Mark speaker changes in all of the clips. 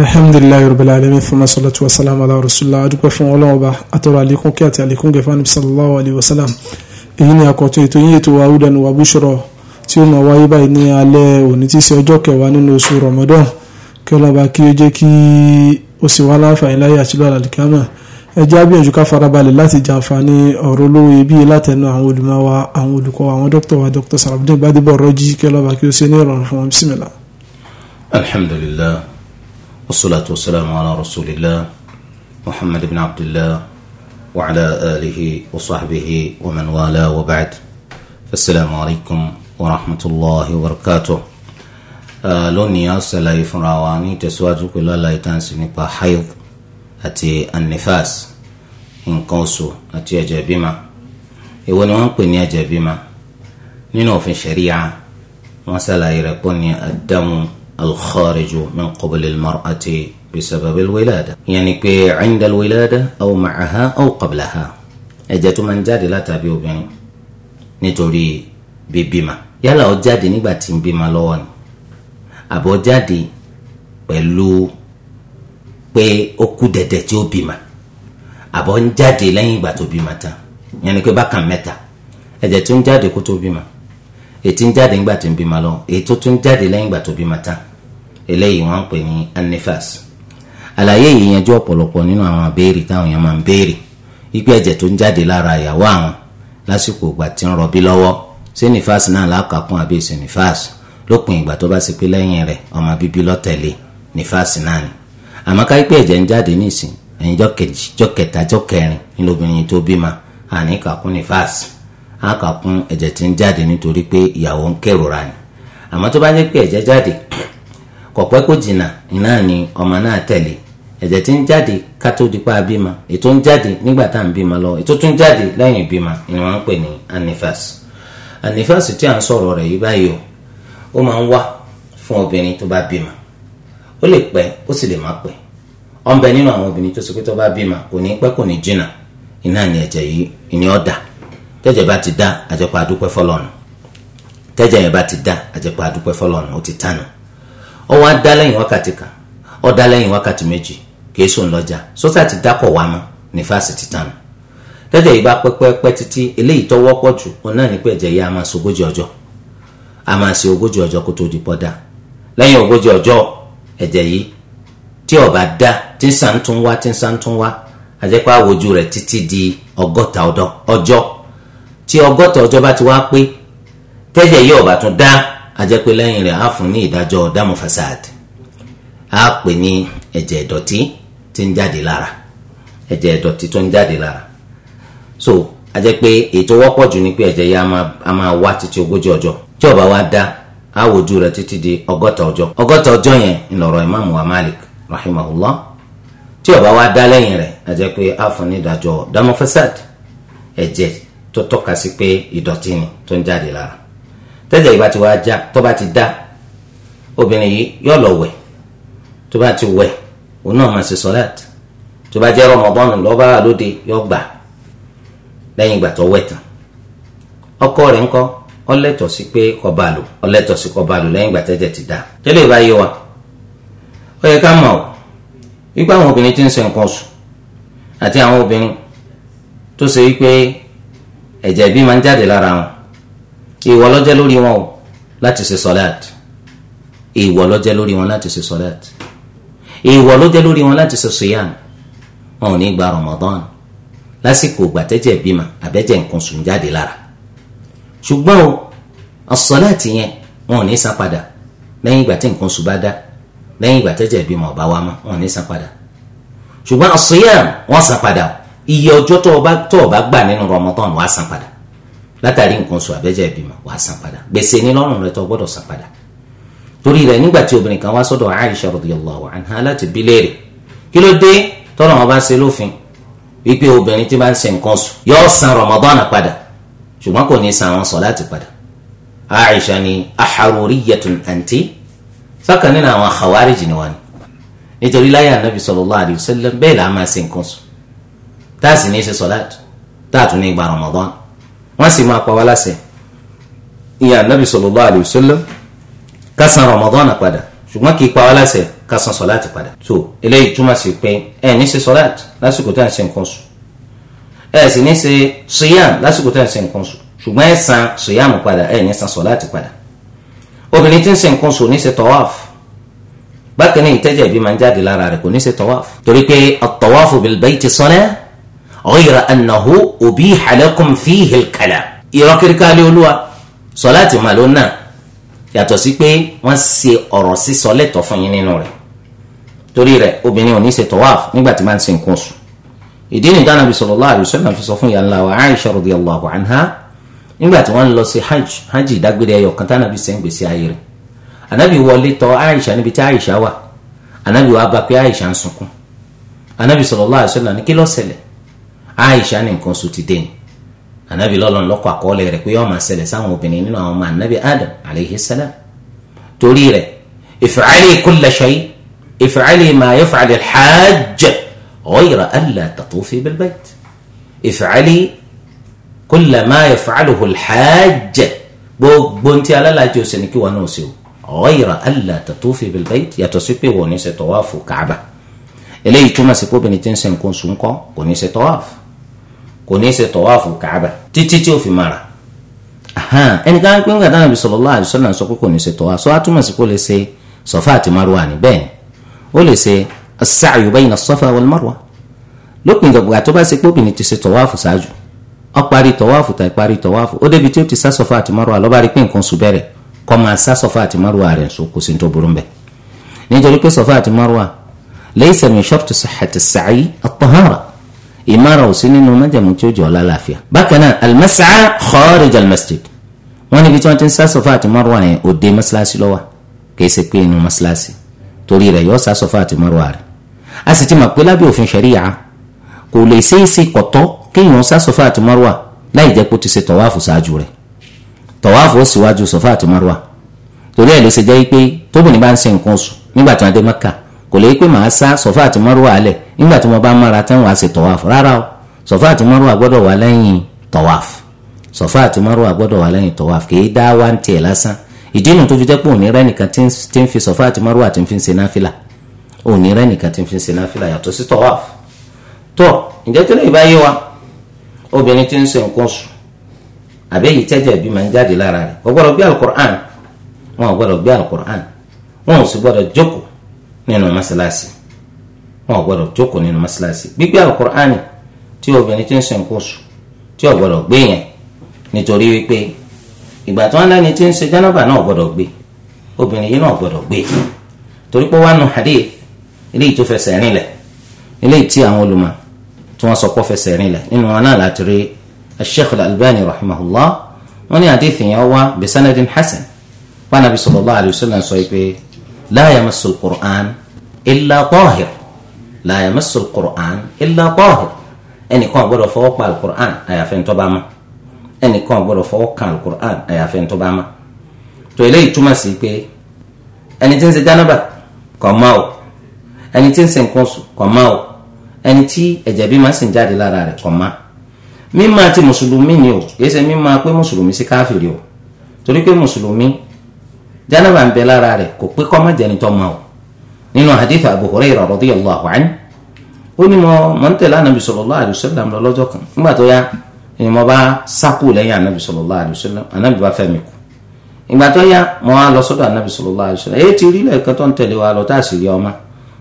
Speaker 1: alhamdulilayi rabbil alamin fún masalatu wasalam ala rasulillah adúpẹ́ fún Ọlọ́run Ọba atọrọ àlékún kí àti àlékún gẹfà níbi sallallahu alayhi wa sallam èyí ni àkọ́tún ètò yín ètò wàhúdà ní wàbúṣọrọ tí ó máa wáyé báyìí ní alẹ́ òní tí í ọjọ́ kẹwàá nínú oṣù ramadan kí Ọlọ́run kí ó jẹ́ kí ó sì wá láǹfààní láyé àti lọ́la àlìkámà ẹ jẹ́ ká farabalẹ̀ láti jàǹfààní ọ̀rọ̀ olówó iyebíye látẹnu àwọn olùmọ̀ àwọn olùkọ́ àwọn dókítà wa dókítà
Speaker 2: والصلاة والسلام على رسول الله محمد بن عبد الله وعلى آله وصحبه ومن والاه وبعد السلام عليكم ورحمة الله وبركاته لوني أرسل إفراواني تسواجه كل الله يتنسي حيض أتي النفاس nǹkan oṣù àti ẹ̀jẹ̀ bímọ èwo ni wọ́n ń pè ní ẹ̀jẹ̀ bímọ nínú òfin ṣẹ̀ríya wọ́n ṣàlàyé rẹ̀ pọ̀ ní àdáhùn الخارج من قبل المرأة بسبب الولادة يعني pé عند الولادة أو معها أو قبلها ẹ̀jẹ̀ من جاد لا jáde látàbí obìnrin nítorí يلا yálà ó jáde لون. tí ń bímọ lọ́wọ́ ni àbọ̀ jáde pẹ̀lú pé ó kú dẹ̀dẹ̀ tí ó bímọ àbọ̀ ń jáde lẹ́yìn ìgbà tó bímọ tán yẹn ni pé bákan mẹ́ta ẹ̀jẹ̀ tó ń jáde kó tó bímọ èyí ń jáde nígbà tó ń bímọ lọ èyí tó tún jáde lẹ́yìn ìgbà tó bímọ tán eléyìí wọ́n ń pè ní anifas àlàyé yìí yanjú ọ̀pọ̀lọpọ̀ nínú àwọn àbẹ́ẹ̀rì táwọn èèyàn máa ń béèrè ipe ẹ̀jẹ̀ tó ń jáde lára ìyàwó àwọn lásìkò ìgbà tí ń rọbí lọ́wọ́ ṣé nifas náà lákàkún àbí ṣe nifas lópin ìgbà tó bá ṣe pé lẹ́yìn rẹ̀ ọmọ bíbí lọ́tẹ̀lé nifas náà ni àmọ́ ká ipe ẹ̀jẹ̀ ń jáde nísìn ẹ̀yìn jọ́ kẹta jọ́ kẹrin nílòbìnrin tó bímọ àní kàkún nifas á ẹ̀jẹ̀ tí ń jáde nítorí pé ìyàwó ń kérora ni àmọ́ tó bá ní pé ẹ̀jẹ̀ jáde kọ̀pẹ́ kò jìnnà iná ni ọmọ náà tẹ̀lé ẹ̀jẹ̀ tí ń jáde ká tó dípa bímọ ètò ń jáde nígbà tá à ń bímọ lọ ètò tún jáde lẹ́yìn ìbímọ ni wọ́n ń pè ní anifas anifas tí à ń sọ̀rọ̀ rẹ̀ yìí báyìí o ó máa ń wá fún obìnrin tó bá bímọ ó lè pẹ́ ó sì lè má pẹ́ ó ń bẹ nínú àwọn obìnrin tó ṣe pé tó bá bímọ kò ní pẹ́ kò ní jìnnà iná ni ẹ̀jẹ̀ yìí ìní ọ̀dà tẹ́jẹ̀ bá ti dá àjẹpọ̀ adúpẹ́ fọlọ́run tẹ́jẹ̀ yẹn bá ti dá àjẹpọ̀ adúpẹ́ fọlọ́run ó ti tánu ó wá dá lẹ́yìn wákàtí kan ó dá lẹ́yìn wákàtí méjì kì í sùn lọ́jà sọ́tà ti dákọ̀ wá mọ́ ní fásitì tánu tẹ́tẹ̀ ìbá pẹ́pẹ́pẹ́ títí eléyìí tó wọ́pọ̀ jù òun náà ní pé ẹ̀jẹ̀ yìí a máa ṣe ogójì ọjọ́ a máa ṣe ogójì ọjọ́ kó tó di pọ́ dá lẹ́yìn ogójì ọjọ́ ẹ̀jẹ̀ yìí tí ó bá dá tí ń sàn tún wá tí ń sàn tún wá àjẹpá àwòjú rẹ̀ títí di ọgọ́ta ọjọ́ tí ọgọ́ta ọjọ́ bá ti wá pé tẹ́jẹ̀ yìí ó tún dá ajẹ́pẹ́ lẹ́yìn rẹ̀ á fún ní ìdájọ́ dámọ̀ fasad á pè ní ẹ̀jẹ̀ ìdọ̀tí tí ń jáde lára ẹ̀jẹ̀ ìdọ̀tí tó ń jáde lára so ajẹ́pẹ́ ètò wọ́pọ̀ jù ni pé ẹ̀jẹ̀ yẹn a máa wá títí ogójì ọjọ́ tí ó bá wá dá á wojú rẹ̀ títí di ọgọ́ta ọjọ́ ọgọ́ta ọjọ́ yẹn ńlọrọ̀ ìmáàmù wa Malik rahimahullah tí ó bá wá dá lẹ́yìn rẹ̀ ajẹ́pẹ́ á fún ní ìdájọ́ dámọ̀ fasad ẹ̀jẹ̀ tó tọ́ka sí pé ìdọ̀tí ni tó ń jáde lára tẹ́tẹ́ ìbá ti wá já tó bá ti dá obìnrin yìí yóò lọ wẹ̀ tó bá ti wẹ̀ òun náà máa ṣe sọ́láàt tó bá jẹ́ rọmọbọ́nù lọ́ba lóde yóò gbà lẹ́yìn ìgbà tó wẹ̀ tán ọkọ rẹ̀ ńkọ́ ọlẹ́tọ̀ sí pé kọba lò ọlẹ́tọ̀ sí kọba lò lẹ́yìn ìgbà tẹ́tẹ́ ti dá tẹ́lẹ̀ ìbá yé wa ó yẹ ká mọ̀ ọ́ wípé àwọn obìnrin ti ń ṣe nǹkan oṣù àti àwọn obìnrin tó ṣe wípé ẹ̀jẹ̀ bí máa ń jáde lára wọn èèwọ̀ ló jẹ́ lórí wọn o láti ṣe sọ́láàtì èèwọ̀ ló jẹ́ lórí wọn láti ṣe sọ́láàtì èèwọ̀ ló jẹ́ lórí wọn láti ṣe sọ́yàn wọn ò ní gba Ramadan lásìkò gbàtẹ́jẹ̀ bímọ àbẹ́jẹ̀ nǹkan sùn jáde lára ṣùgbọ́n o ọ̀sọ́láàtì yẹn wọn ò ní san padà lẹ́yìn ìgbà tí nǹkan sùn bá dá lẹ́yìn ìgbà tẹ́jẹ̀ bímọ ọ̀bá wa mọ́ wọn ò ní san padà ṣùgbọ́n ọ̀sọ́yàn wọn san padà iye ọjọ́ tó o bá gbà nínú Ramadan wàá san padà látàrí nǹkan oṣù àbẹ́jẹ́ ìbímọ wàá san padà gbèsè ní lọ́rùn rẹ tó gbọ́dọ̀ san padà torí rẹ nígbà tí obìnrin kan wá sọ́dọ̀ Aisha radiyallahu anha láti bi léèrè kí ló dé tọ́nà wọn bá ṣe lófin wípé obìnrin tí bá ń ṣe nǹkan oṣù yóò san Ramadan padà ṣùgbọ́n kò ní san àwọn sọ̀láàtì padà Aisha ni aharuriyatun anti sákàn nínú àwọn khawarij ni wọn nítorí láyé anabi sallallahu alayhi wa sallam bẹ́ẹ̀ là á máa ṣe Ramadan wọ́n sì máa pa wá láṣẹ ìyá anabi sallallahu alayhi wa sallam ká san Ramadan padà ṣùgbọ́n kì í pa wá láṣẹ ká san sọláàtì padà. so eléyìí túmọ̀ sí pé ẹ ní ṣe sọláàtì lásìkò tá à ń ṣe nǹkan sùn ẹ sì ní ṣe ṣìyàm lásìkò tá à ń ṣe nǹkan sùn ṣùgbọ́n ẹ san ṣìyàm padà ẹ ní san sọláàtì padà. obìnrin tí ń ṣe nǹkan sùn ní ṣe tọ́wáf bákan ní ìtẹ́jẹ̀ bí máa ń jáde lára rẹ̀ kò ní ṣe tọ́wáf torí pé at-tawafu bil bayti salah ghayra annahu ubiha lakum fihi al-kalam irọ́ kíríkà lé olúwa sọláàtì mà ló náà yàtọ̀ sí pé wọ́n ṣe ọ̀rọ̀ sísọ lẹ́tọ̀ fún yín nínú rẹ̀ torí rẹ̀ obìnrin ò ní ṣe tọ́wáf nígbà tí máa ń ṣe nǹkan oṣù ìdí nìyí tí Ànábì sallallahu alaihi wasallam fi sọ fún ìyá ńlá wa Aisha radiyallahu anha nígbà tí wọ́n ń lọ sí hajj hajj ìdágbére ẹyọ kan tánàbí ṣe ń gbèsè ayé rẹ̀ Ànábì wọlé tọ̀ Aisha níbi tí Aisha wà Ànábì wá bá pé Aisha ń sunkún Ànábì sallallahu alaihi wasallam ní kí ló ṣẹlẹ̀ aisha ní nǹkan oṣù ti dé anabi lọ́lọ́run ló kọ àkọọ́lẹ̀ rẹ̀ pé yóò máa ṣẹlẹ̀ sáwọn obìnrin nínú àwọn ọmọ anabi adam alayhi salam torí rẹ̀ kulla shay if'ali ma yaf'ali al-hajj ghayra alla tatufi bil-bayt if'ali kulla ma yaf'aluhu al-hajj gbogbo ntí alálàájì ó ni kí wọn náà ṣe o alla tatufi bil-bayt yàtọ̀ sí pé wọn ní ṣe tọ́wáfù káàbà eléyìí túmọ̀ sí pé obìnrin ti ń ṣe nǹkan kò ní ṣe tọ́wáfù kò ní í ṣe tọ̀wáàfù kàábà títí tí ó fi mara ẹnìkan pé ńgbà tí Ànábì sallallahu alaihi wasallam sọ pé kò ní í ṣe tọ̀wáàfù sọ àtúmọ̀ sí kó lè ṣe Safa àti Marwa ni bẹ́ẹ̀ ó lè ṣe as-sa'yu bayna as-Safa wal Marwa lópin ìgbàgbọ́ tó bá ṣe pé obìnrin ti ṣe tọ̀wáàfù ṣáájú ó parí tọ̀wáàfù tàì parí tọ̀wáàfù ó débi tí ó ti sá Safa àti Marwa ló rí pé nǹkan oṣù kọ́ máa sá Safa àti Marwa rẹ̀ ńṣó kò sí ní tó burú mbẹ́ nítorí pé Safa àti Marwa laysa min sharti sihhati as-sa'yi at-tahara ìmára ò sí nínú májàmú tí ó jọ lálàáfíà. bákan náà almas'a kharij almasjid wọ́n níbi tí wọ́n ti ń sá Safa àti Marwa yẹn òde mọ́ṣáláṣí lọ́wọ́ kì í ṣe pé inú mọ́ṣáláṣí torí rẹ̀ yọ sá Safa àti Marwa rẹ̀ a sì ti mọ̀ pé lábẹ́ òfin ṣẹ̀ríyà kò lè ṣeé ṣe kọ̀tọ́ kéèyàn sá Safa àti Marwa láì jẹ́ pé ti ṣe tọ̀wáàfù ṣáájú rẹ̀ tọ̀wáàfù ó síwájú Safa àti Marwa torí ẹ̀ ló ṣe jẹ́ pé tóbìnrin bá ń ṣe nǹkan oṣù nígbà tí wọ́n dé Mẹ́kà kò lè pé màá sá sọ̀fà àti mọ́rùwà alẹ̀ nígbà tí mo bá mọ́ra tán wàá ṣe tọ̀wáf rárá o sọ̀fà àti mọ́rùwà gbọ́dọ̀ wà lẹ́yìn tọ̀wáf sọ̀fà àti mọ́rùwà gbọ́dọ̀ wà lẹ́yìn tọ̀wáf kì í dá wá ń tiẹ̀ lásán ìdí nu tó fi jẹ́ pé òní rẹ́ nìkan tí ń fi sọ̀fà àti mọ́rùwà tí ń fi ṣe náfìlà òní rẹ́ nìkan tí ń fi ṣe náfìlà yàtọ̀ sí tọ̀wáf tó ǹjẹ́ tí lóyìn bá yé wa obìnrin tí ń ṣe nǹkan oṣù àbẹ́yìí tẹ́jẹ̀ bí máa ń jáde lára rẹ̀ kò gbọ́dọ̀ gbé alukur'an wọn gbọ́dọ̀ gbé alukur'an wọn sì gbọ́dọ̀ jókòó nínú mọ́sálásí wọn ò gbọdọ̀ jókòó nínú mọ́sálásí gbígbé alukur'ani tí obìnrin ti ń ṣe nǹkan oṣù tí ò gbọdọ̀ gbé yẹn nítorí wípé ìgbà tí wọn lẹni tí ń ṣe jánábà náà gbọdọ̀ gbé obìnrin yìí náà gbọdọ̀ gbé torí pé wọn nu hadith eléyìí tó fẹsẹ̀ rinlẹ̀ eléyìí tí àwọn olùmọ̀ tí wọn sọ pé fẹsẹ̀ rinlẹ̀ nínú wọn náà láti rí Sheikh Al-Albani wọn ní hadith yẹn wá bisanadin hasan wọn nàbí sallallahu alayhi wa sallam sọ pé la yamassu al-Qur'an illa tahir la yamassu al-Qur'an illa tahir ẹnìkan gbọ́dọ̀ fọwọ́ pa alukur'an àyàfẹ́ ń tọ́ba ma ẹnìkan gbọ́dọ̀ fọwọ́ kan alukur'an àyàfẹ́ ń tọ́ba ma tó eléyìí túmọ̀ sí pé ẹni tí ń ṣe jánábà kọ̀ ma o ẹni tí ń ṣe nǹkan oṣù kọ̀ ma o ẹni tí ẹ̀jẹ̀ bí máa ń sìn jáde lára rẹ̀ kọ̀ ma mímọ̀ ti mùsùlùmí ni o kìí ṣe mímọ̀ pé mùsùlùmí sí káfìrí o torí pé mùsùlùmí janaba ń bẹ lára rẹ̀ kò pé kọ́mọ jẹni tó ma o nínú hadith abu hurairah radiyallahu anhu ó ní mo mọ̀ ń tẹ̀lé anabi sallallahu alayhi wa sallam lọ lọ́jọ́ kan nígbà tó yá ni mo bá sákò lẹ́yìn anabi sallallahu alayhi wa sallam anabi bá fẹ́ mi kú ìgbà tó yá mo wá lọ sọ́dọ̀ anabi sallallahu alayhi wa sallam èyí ti rí lẹ́ẹ̀kan tó ń tẹ̀lé wa lọ tá a sì rí ọmọ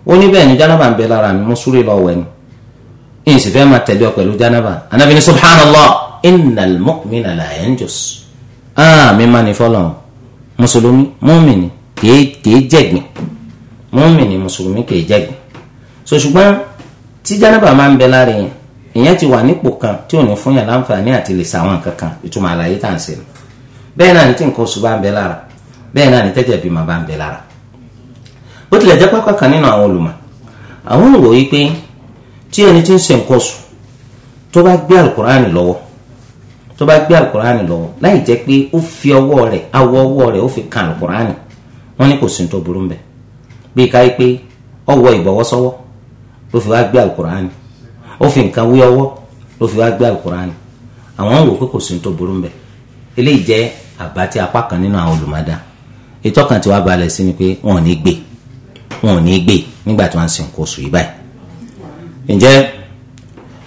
Speaker 2: ó ní ni janaba ń bẹ lára mi mo súré lọ wẹ̀ ni ìyìn sì fẹ́ máa tẹ̀lé ọ pẹ̀lú anabi ni subhanallah innal mu'mina la yanjus ah mi má ni fọlọ́n mùsùlùmí mọ́mìnì kìí kìí jẹ̀gbìn mọ́mìnì mùsùlùmí kìí jẹ̀gbìn so ṣùgbọ́n tí jánábà máa ń bẹ lára yẹn ìyẹn ti wà nípò kan tí ò ní fún yàn láǹfààní àti lè sàwọn kankan ìtumọ̀ àlàyé tá à ń ṣe lọ bẹ́ẹ̀ náà ni tí nǹkan oṣù bá ń bẹ lára bẹ́ẹ̀ náà ni tẹ́jẹ̀ bímọ bá ń bẹ lára bó tilẹ̀ jẹ́ pápá kan nínú àwọn olùmọ̀ àwọn òwò yìí pé tí ẹni tí ń ṣe nǹkan oṣù tó bá gbé alukur'an tó bá gbé alukur'ani lọ láì jẹ́ pé ó fi ọwọ́ rẹ̀ awọ ọwọ rẹ ó fi kan alukur'ani wọ́n ní kò sí tó burú mbẹ̀ bí káyí pé ọwọ́ ìbọ̀wọ́ sọ́wọ́ ló fi wá gbé alukur'ani ó fi nǹkan wé ọwọ́ ló fi wá gbé alukur'ani àwọn ń wò pé kò sí tó burú mbẹ̀ eléyìí jẹ́ àbá apá kan nínú àwọn olùmọ̀dá ètò kan tí wàá balẹ̀ sí ni pé wọn ò ní gbé wọn ò ní gbé nígbà tí wọ́n ń sin nǹkan oṣù yìí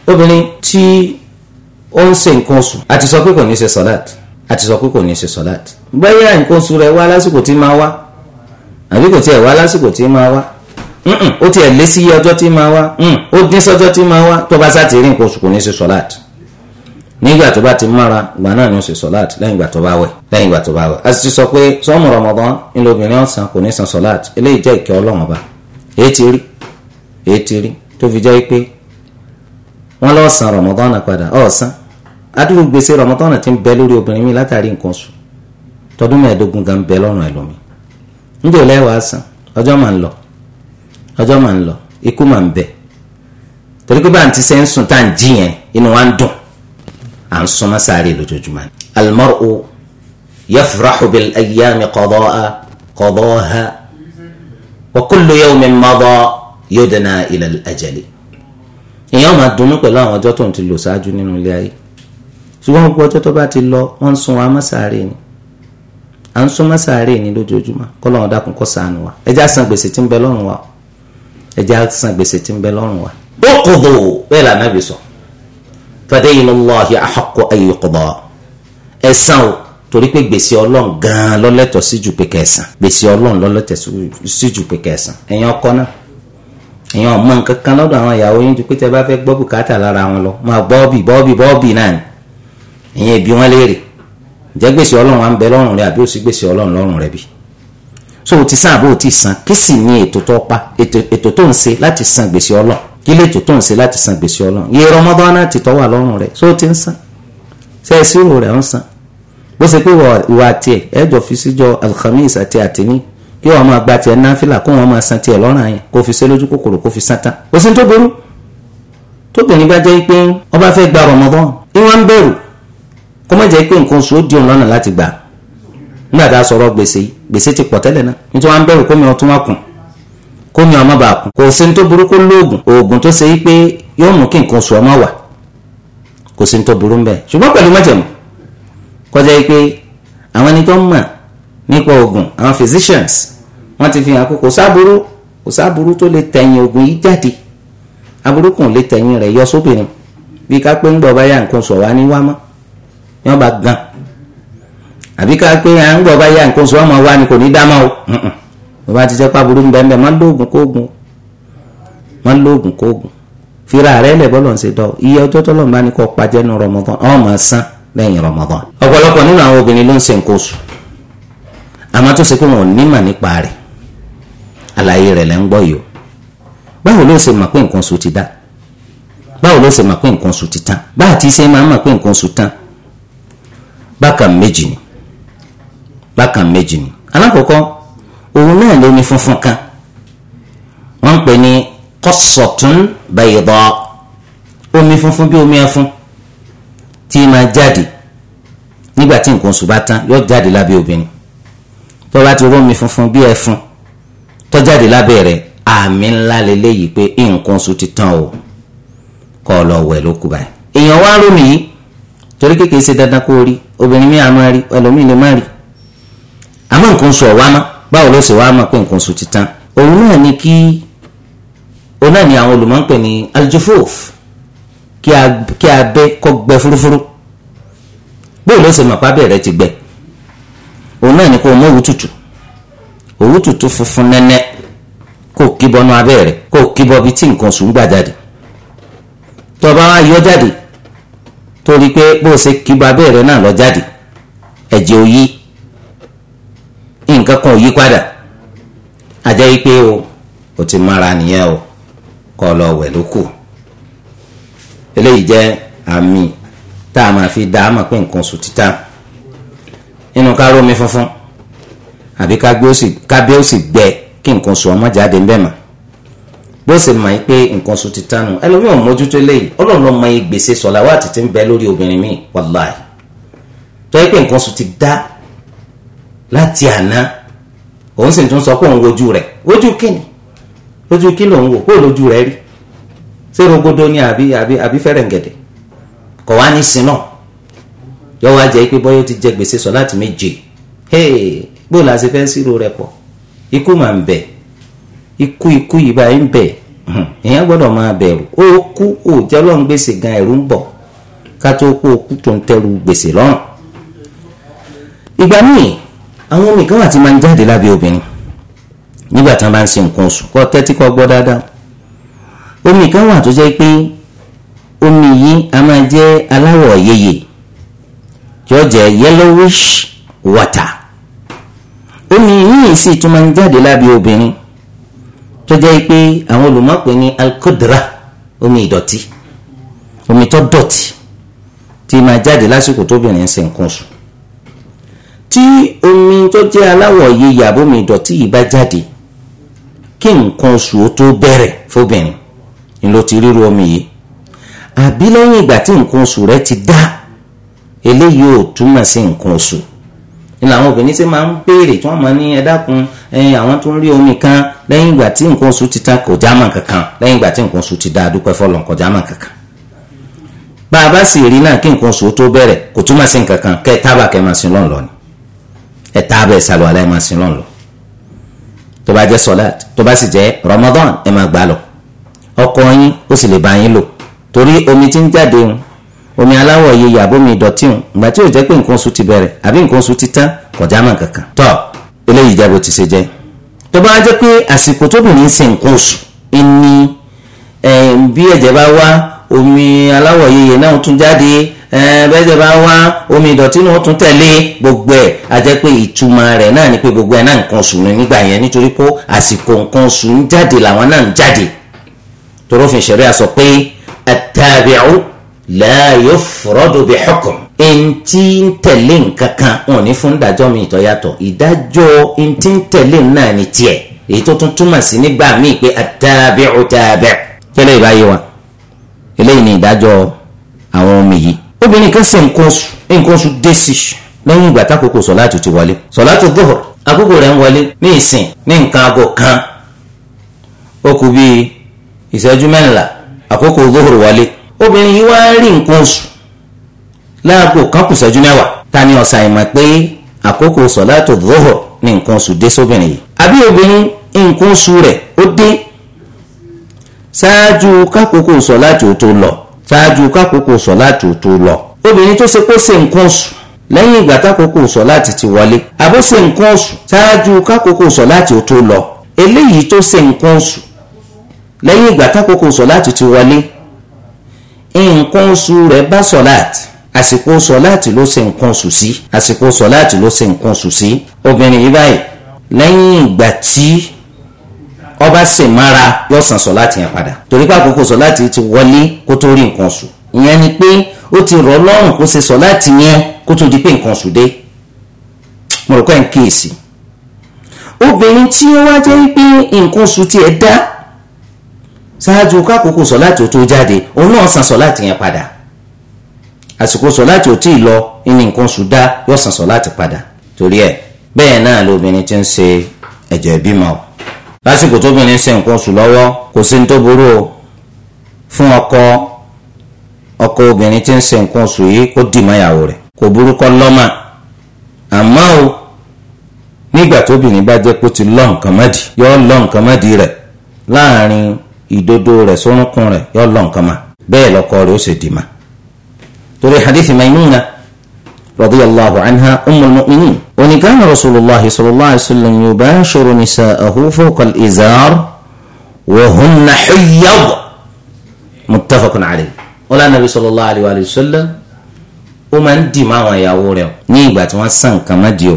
Speaker 2: báyìí ó ń ṣe nǹkan oṣù àti sọ pé kò ní ṣe sọ́láàt àti sọ pé kò ní ṣe sọ́láàt bẹ́ẹ̀ nǹkan oṣù rẹ̀ wá lásìkò tí máa wá àbí kò tiẹ̀ wá lásìkò tí máa wá ó tiẹ̀ lé sí ọjọ́ tí máa wá mm, ó dín sọ́jọ́ tí máa wá tó bá sá ti rí nǹkan oṣù kò ní ṣe sọ́láàt nígbà tó bá ti mára ìgbà náà ni ó ṣe sọ́láàt lẹ́yìn ìgbà tó bá wẹ̀ lẹ́yìn ìgbà tó bá wẹ̀ a sì ti sọ pé sọ́ọ̀mù Ramadan ńlọ obìnrin ọ̀sán kò ní san sọ́láàt eléyìí jẹ́ ìkẹ́ Ọlọ́run ọba èyí rí èyí rí tó fi jẹ́ pé wọ́n lọ́ọ́ san Ramadan padà ọ̀ọ́sán adúrú gbèsè rọmọtọ́nà ti ń bẹ lórí obìnrin mi látàrí nǹkan sùn tọdún mẹ́ẹ̀ẹ́dógún gan bẹ lọ́rùn ẹlòmí níjẹ ò lẹ́wàá sàn ọjọ́ máa ń lọ ọjọ́ máa ń lọ ikú máa ń bẹ torí pé bá à ń ti ṣe ń sùn tá à ń jí yẹn inú wa ń dùn à ń súnmọ́ sáré lójoojúmọ́. almar'u yafrahu bil ayyami qada'a qada'aha wa kullu yawmin mada yudna ila al ajali. èèyàn máa dunnú pẹ̀lú àwọn ọjọ́ tó ń ti lò ṣáájú nínú ilé ayé ṣùgbọ́n gbogbo ọjọ́ tó bá ti lọ wọ́n ń sun wa mọ́sàárè ni à ń sun mọ́sàárè ni lójoojúmọ́ kọ́lọ́run dákun kó ṣàánú wa ẹja san gbèsè tí ń bẹ lọ́rùn wa ẹja san gbèsè tí ń bẹ lọ́rùn wa. ó kòbò bẹ́ẹ̀ lànà bí sọ fadayinu Allahi ahaqqu an yuqda ẹ̀san o torí pé gbèsè ọlọ́run gan-an lọ́lẹ́tọ̀ sí ju pé kẹsàn gbèsè ọlọ́run lọ́lẹ́tọ̀ sí ju pé kẹsàn ẹ̀yin ọkọ náà ẹ̀yin ọmọ nǹkan kan lọ́dọ̀ àwọn ìyàwó yín ju pé tẹ bá fẹ́ gbọ́ bùkátà lára wọn lọ máa gbọ́ bì bọ́ bì bọ́ bì náà ni ìyẹn bí wọ́n léèrè ǹjẹ́ gbèsè ọlọ́run à ń bẹ lọ́rùn rẹ àbí ó sì gbèsè ọlọ́run lọ́rùn rẹ bí so o ti san àbí o ti san kí sì ni ètò tó pa ètò tó ń ṣe láti san gbèsè ọlọ́run kí lè ètò tó ń ṣe láti san gbèsè ọlọ́run iye rọmọdán náà ti tọ́ wà lọ́rùn rẹ so o ti ń san ṣe é sírò rẹ ń san bó ṣe pé ìwà tiẹ̀ ẹ̀jọ̀ fi síjọ alhamis àti àtìní kí wọ́n máa gba tiẹ̀ náfìlà kó wọ́n máa san tiẹ̀ lọ́rùn àyàn kó fi ṣe lójú kòkòrò kó fi san tán o sì ń tó burú tóbìnrin bá jẹ́ pé ọba kó má jẹ́ pé nǹkan oṣù ó di òun lọ́nà láti gbà nígbà tá a sọ̀rọ̀ gbèsè gbèsè ti pọ̀ tẹ́lẹ̀ náà nítorí wọn bẹ̀rù kómi ọtún wá kùn kómi ọmọ bá kùn kò sí ní tó burú kó lóògùn oògùn tó ṣe pé yóò mú kí nǹkan oṣù ọmọ wà kò sí ní tó burú bẹ́ẹ̀ ṣùgbọ́n pẹ̀lú májẹ̀mú kọjá pé àwọn ẹni tó ń mọ̀ nípa oògùn àwọn physicians wọ́n ti fi hàn kó kò sáburú tó lè tẹ̀yìn oògùn yìí jáde aburú lè tẹ̀yìn rẹ̀ yọ sóbìnrin bí ká pé ń gbọ́ báyà nǹkan oṣù ọ̀wá ní wá mọ́ yọ́n bá gan àbí ká pé à ń gbọ́ bá yá nǹkan oṣù ọmọ wa ni kò ní dá mọ́ o bàbá ti sẹ́pà burú bẹ́ẹ̀ bẹ́ẹ̀ máa ń lóògùn kóògùn máa ń lóògùn kóògùn fira rẹ lẹ bọ́lọ̀ ń ṣe dọ́ iye ọjọ́ tọ́lọ̀ máa ní kọ́ pàjẹ́ nu Ramadan ọ́n máa san lẹ́yìn Ramadan. ọ̀pọ̀lọpọ̀ nínú àwọn obìnrin ló ń ṣe nǹkan oṣù àmọ́ tó ṣe pé wọn ò nímọ̀ nípa rẹ̀ àlàyé rẹ̀ lẹ́ ń gbọ́ yìí o báwo ló ṣe mọ̀ pé nǹkan oṣù ti dá báwo ló ṣe mọ̀ pé nǹkan oṣù ti tán báà ti ṣe máa mọ̀ pé nǹkan oṣù tán bákan méjì ni bákan méjì ni alákọ̀ọ́kọ́ òun náà ló ní funfun kan wọ́n ń pè ní kọ́sọ̀tún bayidọ́ omi funfun bí omi ẹfun tí máa jáde nígbà tí nǹkan oṣù bá tán yóò jáde lábẹ́ obìnrin tó bá ti rómi funfun bí ẹfun tó jáde lábẹ́ rẹ̀ àmì ńlá lélẹ́yìí pé nǹkan oṣù ti tán o kọ́ ọ lọ wẹ̀ ló kú èèyàn wá rómi yìí torí kékeré ṣe dandan kó rí obìnrin mi àmọ́ rí ẹlòmíì lè má rí àmọ́ nǹkan oṣù ọ̀wá mọ́ báwo ló ṣe wá mọ̀ pé nǹkan oṣù ti tán òun náà ni kí òun náà ni àwọn olùmọ̀ ń pè ní aljufof kí abẹ́ kọ́ gbẹ fúrúfúrú báwo ló ṣe mọ̀ pábẹ́ ti gbẹ òun náà ni kó mú òwú tutù funfun nẹ́nẹ́ kó o kí kó o kí tí nǹkan oṣù gbà jáde tó o yọ jáde torí pé bó o ṣe kí bàbá rẹ náà lọ jáde ẹ̀jẹ̀ ò yí nǹkan kan ò yí padà àjẹ́ yí pé o o ti mára nìyẹn o kọ́ ọ lọ wẹ̀ ló kù eléyìí jẹ́ àmì tá a máa fi dá a máa pé nǹkan oṣù títà nínú ká rómi funfun àbí ká bí ó sì gbẹ kí nǹkan oṣù ọmọ jáde ń bẹ̀ mọ́ bó ṣe mọ̀ pé nǹkan oṣù ti tánu ẹlòmíràn mójútó eléyìí ọlọ́run ló mọ iye gbèsè sọ̀làwátì tí ń bẹ lórí obìnrin míì wàláì tó yẹ pé nǹkan oṣù ti dá láti àná òun sì tún sọ pé òun wojú rẹ̀ wojú kíni wojú kí lòun wò kó lójú rẹ̀ rí ṣé rogodo ni àbí àbí àbí fẹ́rẹ̀ǹgẹ̀dẹ̀ kọ̀ wá ní sinọ́ yọ̀wọ́ àjẹ́ pé bọ́yọ̀ ti jẹ gbèsè sọ̀láàtì méje hey bó la ṣe fẹ́ sírò rẹ̀ pọ̀ ikú mà ń bẹ̀ẹ́ ikú ikú yìí báyìí ń bẹ̀ mm-hmm. èèyàn gbọ́dọ̀ máa bẹ̀rù ó kú ó jẹ́ lọ́n gbèsè gan ẹ̀rú ń bọ̀ ká tó kó okú tó ń tẹ́lu gbèsè lọ́rùn. ìgbà míì àwọn omi kan wà tí máa ń jáde lábẹ́ obìnrin nígbà tí wọ́n bá ń ṣe nǹkan oṣù kọ́ tẹ́tí kọ́ gbọ́ dáadáa omi kan wà tó jẹ́ pé omi yìí a máa jẹ́ aláwọ̀ yeye yóò yellowish water omi yìí sì tún máa ń jáde lábẹ́ obìnrin tó jẹ́ pé àwọn olùmọ̀pẹ́ ní alkodra omi ìdọ̀tí omi tó dọ̀tí tí máa jáde lásìkò tóbìnrin ń ṣe nǹkan oṣù tí omi tó jẹ́ aláwọ̀ yíyà bómi ìdọ̀tí yìí bá jáde kí nǹkan oṣù ó tó bẹ̀rẹ̀ fóbìnrin ni ló ti ríru omi yìí àbí lẹ́yìn ìgbà tí nǹkan oṣù rẹ ti dá eléyìí ò túmọ̀ sí nǹkan oṣù ni làwọn obìnrin ṣe máa ń béèrè tí wọ́n máa ní ẹ dákun àwọn tó ń rí omi kan lẹ́yìn ìgbà tí nǹkan oṣù ti tán kò jámọ́ kankan lẹ́yìn ìgbà tí nǹkan oṣù ti dá dúpẹ́ fọlọ́ kò jámọ́ kankan bá a bá sì rí náà kí nǹkan oṣù tó bẹ̀rẹ̀ kò túmọ̀ sí nǹkan kẹ́ ẹ tábà kẹ́ ẹ máa sin lọ́n lọ ni ẹ tábà ẹ sàlọ̀ aláì máa sin lọ́n lọ tó bá jẹ́ sọ́láàt tó bá sì jẹ́ Ramadan ẹ máa gbà lọ ọkọ yín ó sì lè bá yín lò torí omi ti ń jáde ń omi aláwọ̀ yeye àbómi ìdọ̀tí ń ìgbà tí tó bá jẹ́ pé àsìkò tóbìnrin ṣe nǹkan oṣù ẹni bí ẹ̀jẹ̀ bá wá omi aláwọ̀ yẹyẹ náà tún jáde bẹ́ẹ̀jẹ̀ bá wá omi ìdọ̀tí náà tún tẹ̀lé gbogbo ẹ̀ a jẹ́ pé ìtumọ̀ rẹ̀ náà ni pé gbogbo ẹ̀ náà nǹkan oṣù ni nígbà yẹn nítorí pé àsìkò nǹkan oṣù ń jáde làwọn náà ń jáde torófin ṣẹ̀ríà sọ pé at-tabi'u la yufradu bi hukm ntí ń tẹ̀lé nǹkan kan wọn ò ní fún ìdájọ́ mi ìtọ́ yàtọ̀ ìdájọ́ ntí ń tẹ̀lé náà ni tiẹ̀ èyí tó tún túmọ̀ sí nígbà míì pé àtàbẹ̀rù tàbẹ̀. kẹlẹ́ ìbáyé wa eléyìí ni ìdájọ́ àwọn ọmọ yìí. obìnrin kan ṣe nǹkan oṣù nǹkan oṣù dé sí lẹ́yìn ìgbà tákòókò sọ̀láàtù ti wọlé sọ̀láàtù dùhùr àkókò rẹ̀ ń wọlé ní ìsìn ní nǹkan aago kan ó kù bíi ìṣẹ́jú mẹ́rìnlá àkókò dùhùr wọlé obìnrin yìí wá rí nǹkan oṣù láago kan kù sẹ́jú mẹ́wàá ta ni ọ̀sà ìmọ̀ pé àkókò sọ̀látò dọ́họ̀ ní nǹkan oṣù dé sóbìnrin yìí àbí obìnrin nǹkan oṣù rẹ̀ ó dé ṣáájú kákòókò sọ̀látò tó lọ ṣáájú kákòókò sọ̀látò tó lọ obìnrin tó ṣe kó ṣe nǹkan oṣù lẹ́yìn ìgbà kákòókò sọ̀láàtì ti wọlé àbó ṣe nǹkan oṣù ṣáájú kákòókò sọ̀láàtì tó lọ eléyìí tó ṣe nǹkan oṣù lẹ́yìn ìgbà kákòókò sọ̀láàtì ti wọlé nǹkan oṣù rẹ̀ bá sọ̀láàtì àsìkò sọláàtì ló ṣe nǹkan oṣù sí àsìkò sọláàtì ló ṣe nǹkan oṣù sí obìnrin yìí báyìí lẹ́yìn ìgbà tí ọba ṣe mára yọ san sọláàtì yẹn padà torí pé àkókò sọláàtì ti wọlé kó tó rí nǹkan oṣù ìyẹn ni pé ó ti rọ̀ lọ́rùn kó ṣe sọláàtì yẹn kó tó di pé nǹkan oṣù dé mo rò pé n kíyèsí obìnrin tí ó wá jẹ́ pé nǹkan oṣù tiẹ̀ dá ṣáájú kákòókò sọláàtì ó tó jáde òun náà san sọláàtì yẹn padà àsìkò sọláàtì ò tí ì lọ ní nǹkan oṣù dá yóò san sọláàtì padà torí ẹ̀ bẹ́ẹ̀ náà lóbìnrin ti ń ṣe ẹ̀jẹ̀ ìbímọ o lásìkò tóbìnrin ṣe nǹkan oṣù lọ́wọ́ kò sí ní tó burú o fún ọkọ ọkọ obìnrin ti ń ṣe nǹkan oṣù yìí kó dì ìyàwó rẹ̀ kò burú kọ́ lọ́mà àmọ́ o nígbà tóbìnrin bá jẹ́ pé ó ti lọ́ nǹkan mọ́dì yóò lọ́ nǹkan mọ́dì rẹ̀ láàárín ìdodo rẹ̀ sórúnkún rẹ̀ yóò lọ́ nǹkan mọ́ bẹ́ẹ̀ lọ́kọ rẹ̀ ó sì dì تقول حديث ميمونة رضي الله عنها أم المؤمنين وإن كان رسول الله صلى الله عليه وسلم يباشر نساءه فوق الإزار وهن حيض متفق عليه ولا النبي صلى الله عليه وآله وسلم ó máa ń dì máwọn ìyàwó rẹ̀ ní ìgbà tí wọ́n sàn nǹkan má di o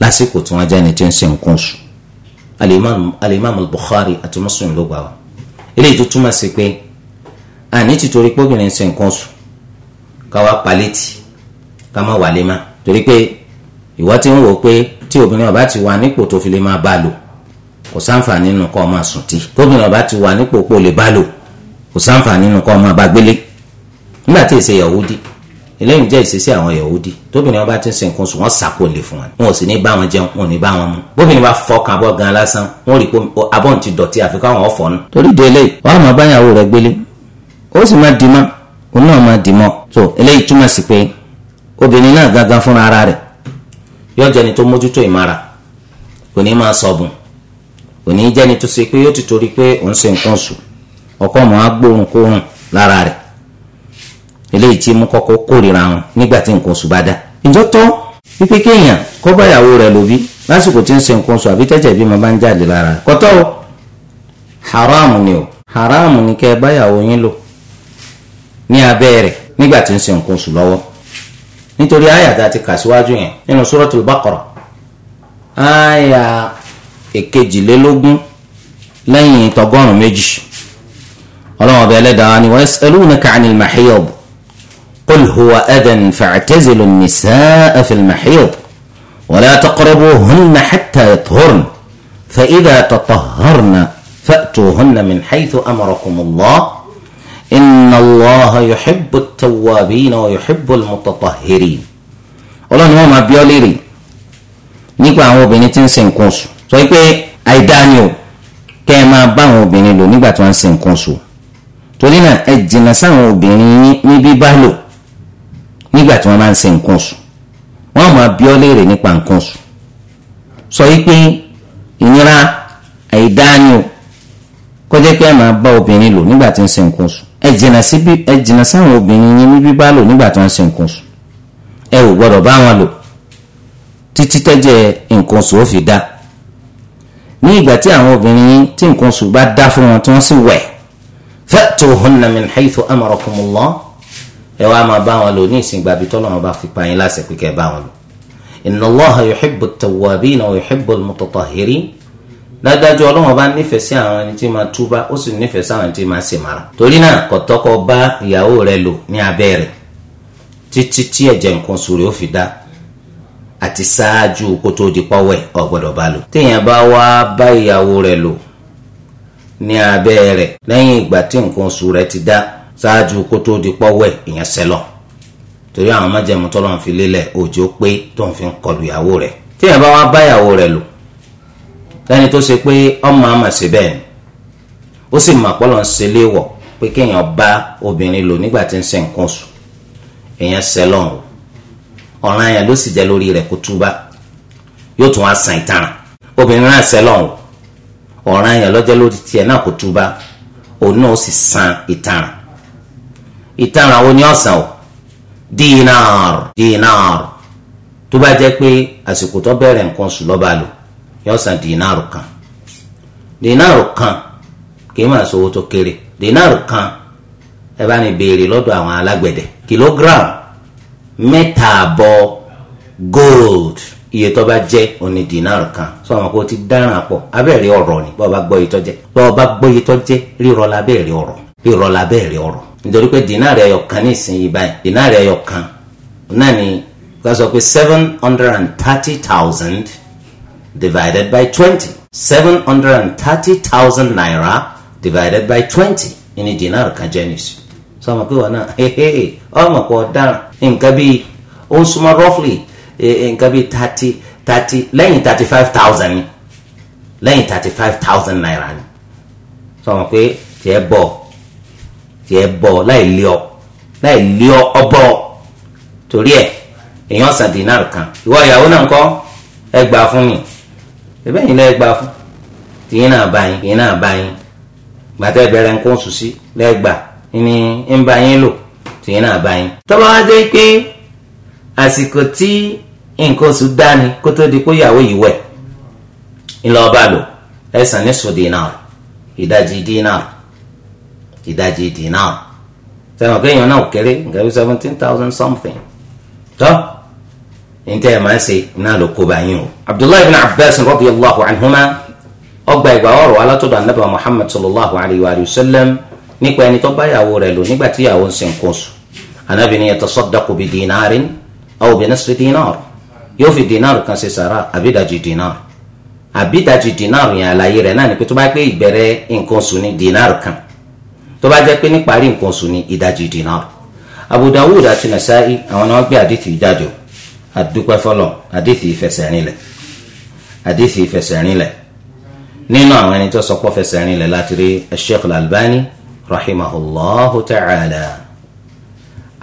Speaker 2: lásìkò tí wọ́n jẹ́ ẹni tí ń ṣe nǹkan oṣù alimami Bukhari àti Muslim ló gbà wá eléyìí tó túmọ̀ sí pé àní ti torí pé obìnrin ń ṣe nǹkan oṣù ká wá palétì ká má wálé má torí pé ìwọ ti ń wò pé tí obìnrin ọba ti wà nípò tó fi lè máa bá lò kò sáǹfààní nínú kọ́ ọ máa sùn tí tóbìnrin ọba ti wà nípò pò lè bá lò kò sáǹfààní nínú kọ́ ọ máa bá gbélé nígbà tí èsè yahudi eléyìí jẹ́ ìṣesí àwọn yahudi tóbìnrin ọba ti ń sin nǹkan sùn wọ́n sàkóńdè fún wọn wọn ò sì ní bá wọn jẹun wọn ò ní bá wọn mu bóbìnrin bá fọkàn abọ́ gan lásán wọn rí pé abọ́ ti dọ̀tí àfi káwọn ọ̀fọ̀ nù. torí délé wàá máa báyàwó rẹ gbélé ó sì máa dì máa òun náà máa dì mọ́ so eléyìí túmọ̀ sí pé obìnrin náà gangan fúnra ara rẹ̀ yóò jẹ́ni tó mójútó ìmára kò ní máa sọ̀bùn kò ní tó ṣe pé yóò ti torí pé òun ṣe nǹkan oṣù ọkọ mọ́ á gbóòrùn kóòrùn lára rẹ̀ eléyìí tí mú kọ́kọ́ kórìíra wọn nígbà tí nǹkan oṣù bá dá ìjọ tọ́ wípé kéèyàn kọ́ báyàwó rẹ̀ lóbi lásìkò tí ń ṣe nǹkan oṣù àbí bí haram ni o haram ni kẹ́ báyàwó yín ní abere rẹ̀ nígbà tí ń ṣe nǹkan oṣù lọ́wọ́ nítorí àyà tá ti kà síwájú yẹn nínú Suratul Baqara àyà èkejìlélógún lẹ́yìn tọgọ́rùn méjì ọlọ́run ọba ẹlẹ́dàá ni wa yas'alunaka 'anil mahyid qul huwa adhan fa'tazilu an-nisaa fil mahyid wa la taqrabuhunna hatta yatahharna fa idha tatahharna fa'tuhunna min haythu amarakumullah inna الله يحب التوابين ويحب المتطهرين. mutatahirin ọlọ́ni wọn máa bí ọ léèrè nípa àwọn obìnrin tí ń ṣe nǹkan oṣù sọ pé àìdáni o kẹ́ ẹ máa bá àwọn obìnrin lò nígbà tí wọ́n ń ṣe nǹkan oṣù torí náà ẹ jìnnà sáwọn obìnrin yín ní bíbá lò nígbà tí wọ́n máa ń ṣe nǹkan oṣù wọ́n máa bí ọ léèrè nípa nǹkan oṣù sọ pé ìnira àìdáni o kọjá pé ẹ máa bá obìnrin lò nígbà tí ń ṣe nǹkan oṣù ẹ jìnnà síbi ẹ jìnnà sáwọn obìnrin yín ní bíbá lò nígbà tó ń ṣe nǹkan oṣù ẹ ò gbọ́dọ̀ bá wọn lò títí tẹ́jẹ̀ nǹkan oṣù ó fi dá ní ìgbà tí àwọn obìnrin yín tí nǹkan oṣù bá dá fún wọn tí wọ́n sì wẹ̀ fatuhunna min haythu amarakumullah ẹ wá máa bá wọn lò ní ìsìn gbàbí tọ́lọ́run bá fi pa láṣẹ pé kẹ́ bá wọn lò innallaha yuhibbu at-tawwabina wa yuhibbu al-mutatahhirin dájú ọlọ́run bá nífẹ̀ẹ́ sí àwọn ẹni tí máa túbá ó sì nífẹ̀ẹ́ sí àwọn ẹni tí máa ṣèmára torí náà kọ̀tọ́kọ bá ìyàwó rẹ lò ní abẹ́ rẹ̀ títí tí ẹ̀jẹ̀ nǹkan oṣù rẹ̀ ó fi dá àti ṣáájú kó tó di pọ́wẹ́ ò gbọ́dọ̀ bá lò. téèyàn bá wá bá ìyàwó rẹ lò ní abẹ́ rẹ̀ lẹ́yìn ìgbà tí nǹkan oṣù rẹ̀ ti dá ṣáájú kó tó di pọ́wẹ́ ìyẹn sẹ́lọ̀ torí àwọn májẹ̀mú tọ́lọ́run lẹ́ni tó ṣe pé ọmọ àmà sí bẹ́ẹ̀ ó sì mà pọ́lọ̀ ṣe léwọ̀ pé kéèyàn bá obìnrin lò nígbà tí ń ṣe nǹkan oṣù èèyàn ọ̀ràn yẹn ló sì jẹ́ lórí rẹ̀ kó túbá yóò tún wá san ìtaràn obìnrin náà ṣẹlọ̀ ọ̀ràn yẹn lọ́jọ́ lórí tiẹ̀ náà kó túbá òun náà ó sì san ìtaràn ìtaràn wo ni o dinar dinar tó bá jẹ́ pé àsìkò tó bẹ̀rẹ̀ nǹkan lọ́ba lò yóò san dínàrù kan dínàrù kan kì í máa sowó tó kéré dínàrù kan ẹ bá ní béèrè lọ́dọ̀ àwọn alágbẹ̀dẹ kìlógíráàmù mẹ́ta àbọ̀ gold iye tó bá jẹ́ oní dínàrù kan sọ wọn kó o ti dáràn pọ̀ abẹ́rẹ́ ọ̀rọ̀ ni bọ́ọ̀ bá gbọ́ iye tó jẹ́ bọ́ọ̀ bá gbọ́ iye tó jẹ́ rírọ́ labẹ́rẹ́ ọ̀rọ̀ rírọ́ labẹ́rẹ́ ọ̀rọ̀ nítorí pé dínàrù ẹyọ kan ní ìsinyìí báyìí dínàrù ẹyọ kan náà ni ká sọ pé seven hundred and thirty thousand divided by 20. 730,000 naira divided by 20. Ini dinar kan jẹ́nìsì. Sọ ma pé wọn náà hehehe ọmọ kò dára nǹkan bíi ó ń súnmọ́ roughly eh, eh, nǹkan bíi thirty thirty lẹ́yìn thirty five thousand ni lẹ́yìn thirty five thousand naira ni. Sọ ma pé tiẹ̀ bọ̀ tiẹ̀ bọ̀ láì lé ọ láì lé ọ ọbọ̀ torí ẹ̀ èèyàn san dinar kan ìwọ ìyàwó náà ń kọ́ ẹ gbà fún mi ẹ̀bẹ̀ yìí lẹ́ẹ̀ gbà fún tìyín náà bá yín tìyín náà bá yín gbàtẹ́ ìbẹ̀rẹ̀ nǹkan oṣù sí lẹ́ẹ̀ gbà ní ń bá yín lò tìyín náà bá yín. tọ́ba wá dé pé àsìkò tí nǹkan oṣù dání kó tó di pé ìyàwó yìí wẹ̀ ńlọ́ọ̀bá lò ẹ̀sán ní sùdínà ìdajì dínà ìdajì dínà sẹ́wọ̀n kéèyàn náà kéré nǹkan bí seventeen thousand something tọ́. So, níta ẹ̀ máa ń ṣe náà ló kó báyìí o. abdullahi ibn abbas radiyallahu anhuma ọgbà ìgbà ọ̀rọ̀ alátọ́dọ̀ anábà muhammad sallallahu alayhi wa sallam nípa ẹni tó bá yàwó rẹ̀ lò nígbà tí yàwó ń sin nǹkan oṣù anábì ni yatasaddaqu bi dinarin aw bi nisfi dinar yóò fi dinar kan ṣe sàrà àbídàjì dinar àbídàjì dinar yẹn àlàyé rẹ̀ náà ni pé tó bá pé ìbẹ̀rẹ̀ nǹkan oṣù ni dinar kan tó bá jẹ́ pé níparí nǹkan oṣù ni ìdajì dinar abu dawud àti nasa'i àwọn ni wọ́n gbé àdìtì jáde o àdúpẹ́ fọlọ́ àdìsí ìfẹsẹ̀rinlẹ̀ àdìsí ìfẹsẹ̀rinlẹ̀ nínú àwọn ẹni tó sọ pé fẹsẹ̀rinlẹ̀ láti rí Sheikh Al-Albani rahimahullahu ta'ala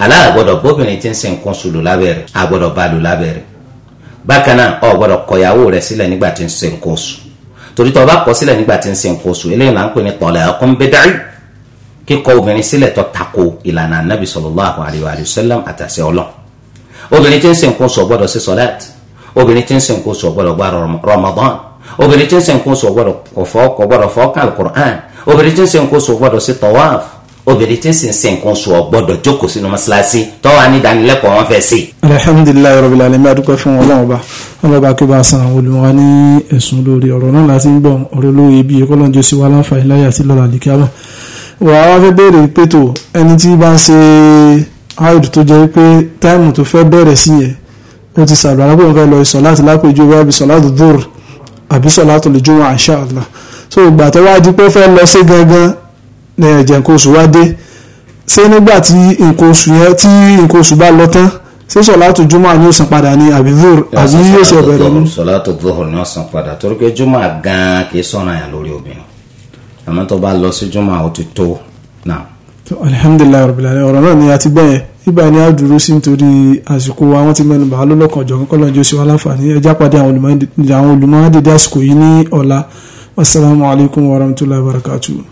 Speaker 2: aláàgbọ́dọ̀ bóbìnrin tí ń sin nǹkan sùlù lábẹ́rẹ́ àgbọ́dọ̀ balù lábẹ́rẹ́ bákan náà o gbọ́dọ̀ kọ̀yàwó rẹ̀ sílẹ̀ nígbà tí ń sin nǹkan sùn torí tó o bá kọ̀ sílẹ̀ nígbà tí ń sin nǹkan sùn eléyìí là ń pè ní talaqun bid'i kíkọ̀ obìnrin sílẹ̀ tó tako ìlànà Ànábì sallallahu alayhi wa sallam àtàṣe obìnrin tí ń ṣe nǹkan oṣù ò gbọ́dọ̀ ṣe sọlẹt obìnrin tí ń ṣe nǹkan oṣù ò gbọ́dọ̀ gba rọmọdán obìnrin tí ń ṣe nǹkan oṣù ò gbọ́dọ̀ fọ kò gbọ́dọ̀ fọ kàn alukur'an obìnrin tí ń ṣe nǹkan oṣù ò gbọ́dọ̀ ṣe tọwáf obìnrin tí ń ṣe nǹkan oṣù ò gbọ́dọ̀ jókòó sínú mọ́ṣáláṣí tọwọ anídánilẹ́kọ̀ọ́ wọn fẹẹ ṣe.
Speaker 1: alihamudulilayi rabil alamin adúpẹ́ fún Ọlọ́run ọba ọlọ́ba kí bá san àwọn olùwà ní ẹ̀sùn lórí ọ̀rọ̀ náà láti ń gbọ̀n ọ̀rọ̀ olóye bíi kọ́lọ́njọ́ sí wa láǹfààní láyà sí lọ́la àdìkí àmọ́ wàá wá fẹ́ béèrè pé ẹni tí bá ń ṣe haid tó jẹ́ pé táìmù tó fẹ́ bẹ̀rẹ̀ sí yẹ ó ti sàlùwàlá pé òun fẹ́ lọ ìsọ̀lá àti lápèjú wá bí sọ̀lá tó dùr àbí sọ̀lá tó lè jó wọn insha Allah so ìgbà tó wá di pé fẹ́ lọ sí gangan ní ẹ̀jẹ̀ nǹkan oṣù wá dé ṣé nígbà tí nǹkan oṣù bá lọ tán ṣé sọ̀lá tó jùmọ̀ ni yóò san padà ní àbí dùr àbí yóò ṣe bẹ̀rẹ̀
Speaker 2: ní. sọ̀lá tó dùr ni wọ́n san padà torí pé jùmọ̀ gan-an kì í sọ̀ràn yàn lórí obìnrin àmọ́ tó bá lọ sí jùmọ̀ ó ti tó náà
Speaker 1: alhamdulilayi rabbil alamin ọ̀rọ̀ náà ni a ti gbọ́ yẹn ibà ni a dúró sí nítorí àsìkò wa wọ́n ti mẹ́nu bàá lọ́lọ́kan jọ̀kan kọ́lọ́ jẹ́ oṣù aláǹfààní ẹja pàdé àwọn olùmọ̀ àdédé àsìkò yìí ní ọ̀la wasalaamualeykum wa rahmatulahi